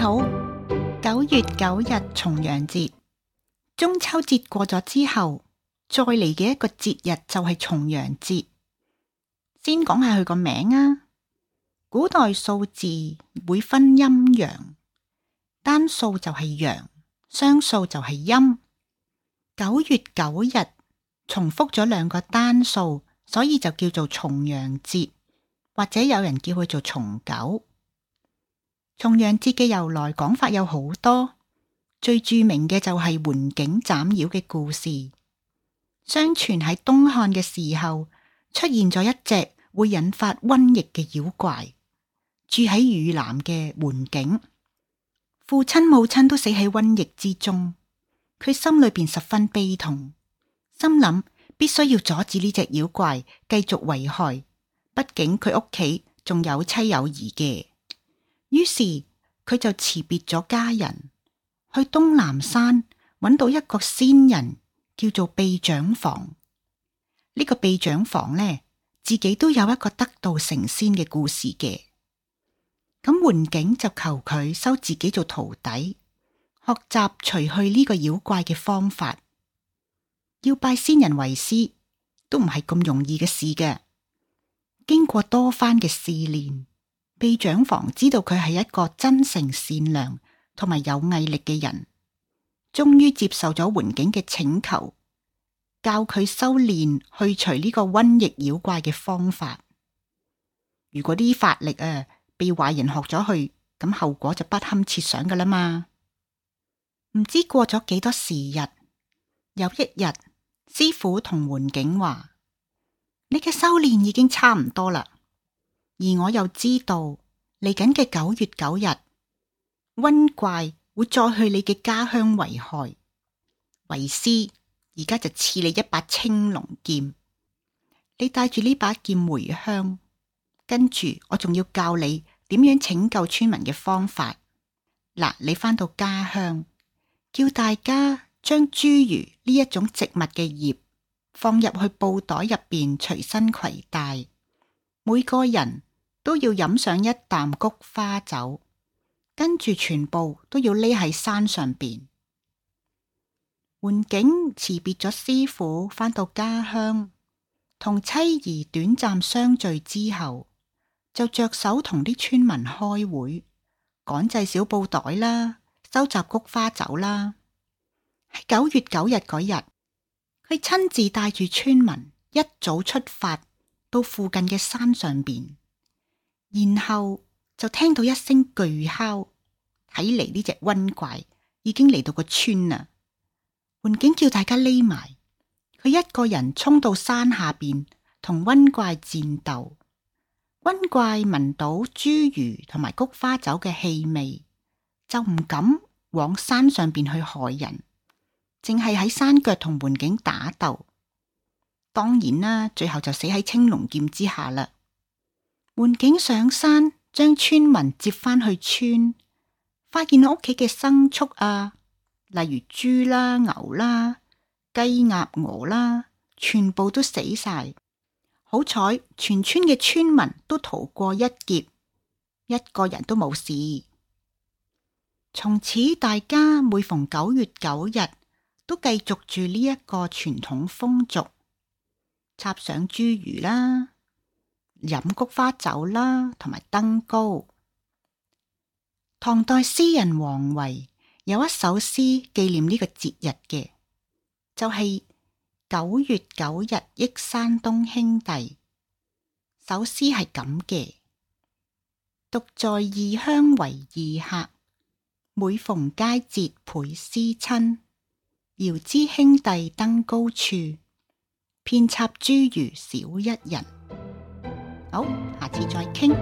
好，九月九日重陽節，中秋節過咗之後，再嚟嘅一個節日就係重陽節。先講下佢個名啊。古代數字會分陰陽，單數就係陽，雙數就係陰。九月九日重複咗兩個單數，所以就叫做重陽節，或者有人叫佢做重九。重陽節嘅由來，講法有好多，最著名嘅就係桓景斬妖嘅故事。相傳喺東漢嘅時候，出現咗一隻會引發瘟疫嘅妖怪，住喺汝南嘅桓景，父親母親都死喺瘟疫之中，佢心裏邊十分悲痛，心諗必須要阻止呢隻妖怪繼續危害，畢竟佢屋企仲有妻有兒嘅。於是佢就辭別咗家人，去東南山揾到一個仙人，叫做費長房。呢、這個費長房呢，自己都有一個得道成仙嘅故事嘅。咁桓景就求佢收自己做徒弟，學習除去呢個妖怪嘅方法。要拜仙人為師，都唔係咁容易嘅事嘅。經過多番嘅試煉。被長房知道佢係一個真誠善良同埋有毅力嘅人，終於接受咗桓景嘅請求，教佢修煉去除呢個瘟疫妖怪嘅方法。如果啲法力啊被壞人學咗去，咁後果就不堪設想噶啦嘛。唔知過咗幾多時日，有一日，師傅同桓景話：你嘅修煉已經差唔多啦。而我又知道，嚟緊嘅九月九日，瘟怪會再去你嘅家鄉為害。為師，而家就賜你一把青龍劍，你帶住呢把劍回鄉，跟住我仲要教你點樣拯救村民嘅方法。嗱，你返到家鄉，叫大家將茱萸呢一種植物嘅葉放入去布袋入邊，隨身攜帶，每個人，都要飲上一啖菊花酒，跟住全部都要匿喺山上邊。桓景辭別咗師傅返到家鄉，同妻兒短暫相聚之後，就着手同啲村民開會，趕製小布袋啦，收集菊花酒啦。九月九日嗰日，佢親自帶住村民一早出發到附近嘅山上邊。然後就聽到一聲巨哮，睇嚟呢隻瘟怪已經嚟到個村啦。桓景叫大家匿埋，佢一個人衝到山下邊同瘟怪戰鬥。瘟怪聞到茱萸同埋菊花酒嘅氣味，就唔敢往山上邊去害人，淨係喺山腳同桓景打鬥。當然啦，最後就死喺青龍劍之下啦。桓景上山，將村民接返去村，發現屋企嘅牲畜啊，例如豬啦、啊、牛啦、啊、雞鴨鵝啦，全部都死晒。好彩，全村嘅村民都逃過一劫，一個人都冇事。從此，大家每逢九月九日都繼續住呢一個傳統風俗，插上茱萸啦。飲菊花酒啦，同埋登高。唐代詩人王維有一首詩紀念呢個節日嘅，就係、是、九月九日憶山東兄弟。首詩係咁嘅：獨在異鄉為異客，每逢佳節倍思親。遙知兄弟登高處，遍插茱萸少一人。好，下次再傾。